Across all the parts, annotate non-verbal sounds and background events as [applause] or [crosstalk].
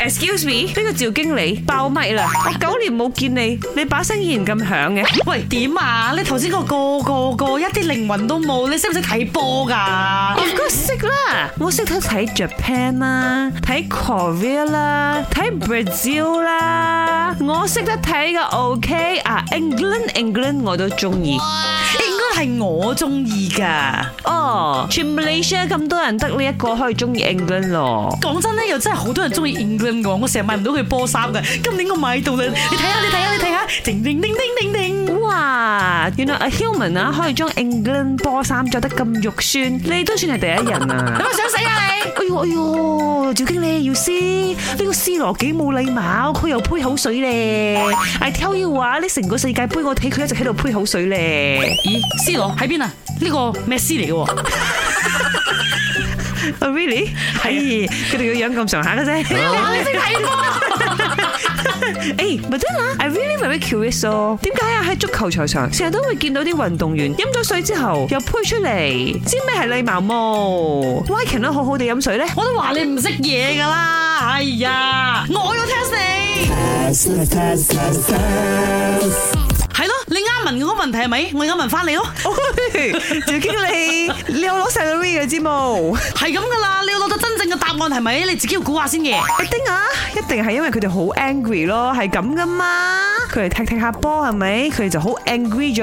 Excuse me，呢個趙經理爆麥啦！我九年冇見你，你把聲依然咁響嘅。喂，點啊？你頭先個個個個，個，個一啲靈魂都冇，你識唔識睇波㗎？我識啦，我識得睇 Japan 啦，睇 Korea 啦，睇 Brazil 啦，我識得睇嘅。OK，啊，England，England England, 我都中意。係我中意噶，哦，oh, 全 Malaysia 咁多人得呢一個可以中意 England 咯。講真咧，又真係好多人中意 England 嘅，我成日買唔到佢波衫嘅。今年我買到啦，你睇下，你睇下，你睇下，叮叮叮叮叮叮,叮,叮，哇！原 you 來 know, A Human 啊，可以將 England 波衫着得咁肉酸，你都算係第一人啊！咁我 [laughs] 想死啊你！哎喲，趙經理要斯呢個 C 羅幾冇禮貌，佢又杯口水咧。I tell you 話，呢成個世界杯我睇佢一直喺度杯口水咧。咦，C 羅喺邊啊？呢個咩 C 嚟嘅？Really？係佢哋個樣咁上下嘅啫。你睇哎咪 a d I really very、really、curious 咯，點解啊喺足球場上成日都會見到啲運動員飲咗水之後又配出嚟，知咩係禮貌？冇？Why can't 咧好好地飲水咧？我都話你唔識嘢噶啦，哎呀，我要 test 你。你啱問嗰個問題係咪？我而家問翻你咯。仲要 [laughs] 你？你有攞石腦油嘅知冇？係咁噶啦，你有攞到真正嘅答案係咪？你自己要估下先嘅。一、欸、定啊，一定係因為佢哋好 angry 咯，係咁噶嘛。佢哋踢踢下波係咪？佢哋就好 angry 咗。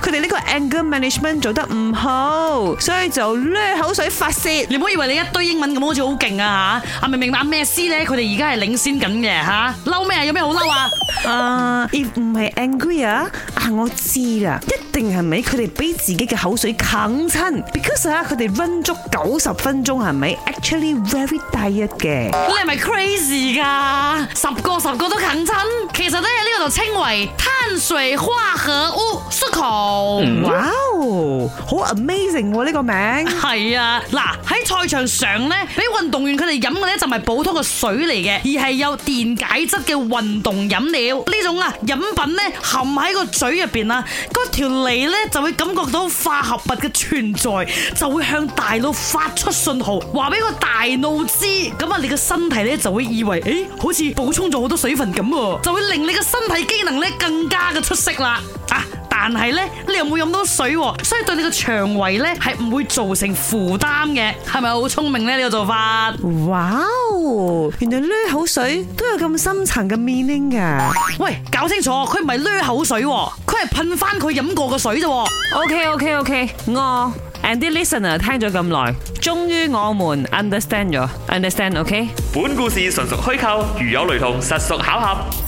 佢哋呢個 anger management 做得唔好，所以就甩口水發泄。你唔好以為你一堆英文咁好似好勁啊吓。啊明明白咩意思咧？佢哋而家係領先緊嘅吓。嬲咩啊？有咩好嬲啊？啊，if 唔係 angry 啊？啊！我知啦，一定係咪佢哋俾自己嘅口水啃親？Because 啊，佢哋溫足九十分鐘係咪？Actually very diet 嘅。是是你係咪 crazy 噶？十個十個都啃親。其實咧。稱為碳水化合物縮酮，哇哦，好 amazing 呢個名係啊！嗱，喺賽場上咧，啲運動員佢哋飲嘅咧就唔係普通嘅水嚟嘅，而係有電解質嘅運動飲料。呢種啊飲品咧含喺個嘴入邊啊，條脷咧就會感覺到化合物嘅存在，就會向大腦發出信號，話俾個大腦知。咁啊，你個身體咧就會以為誒、欸，好似補充咗好多水分咁，就會令你個身體你機能咧更加嘅出色啦，啊！但係咧，你又冇飲到水，所以對你個腸胃咧係唔會造成負擔嘅，係咪好聰明咧呢個做法？哇哦！原來吐口水都有咁深層嘅 meaning 噶。喂，搞清楚，佢唔係吐口水，佢係噴翻佢飲過嘅水啫。OK OK OK，我 and listener 聽咗咁耐，終於我們 understand 咗，understand OK。本故事純屬虛構，如有雷同，實屬巧合。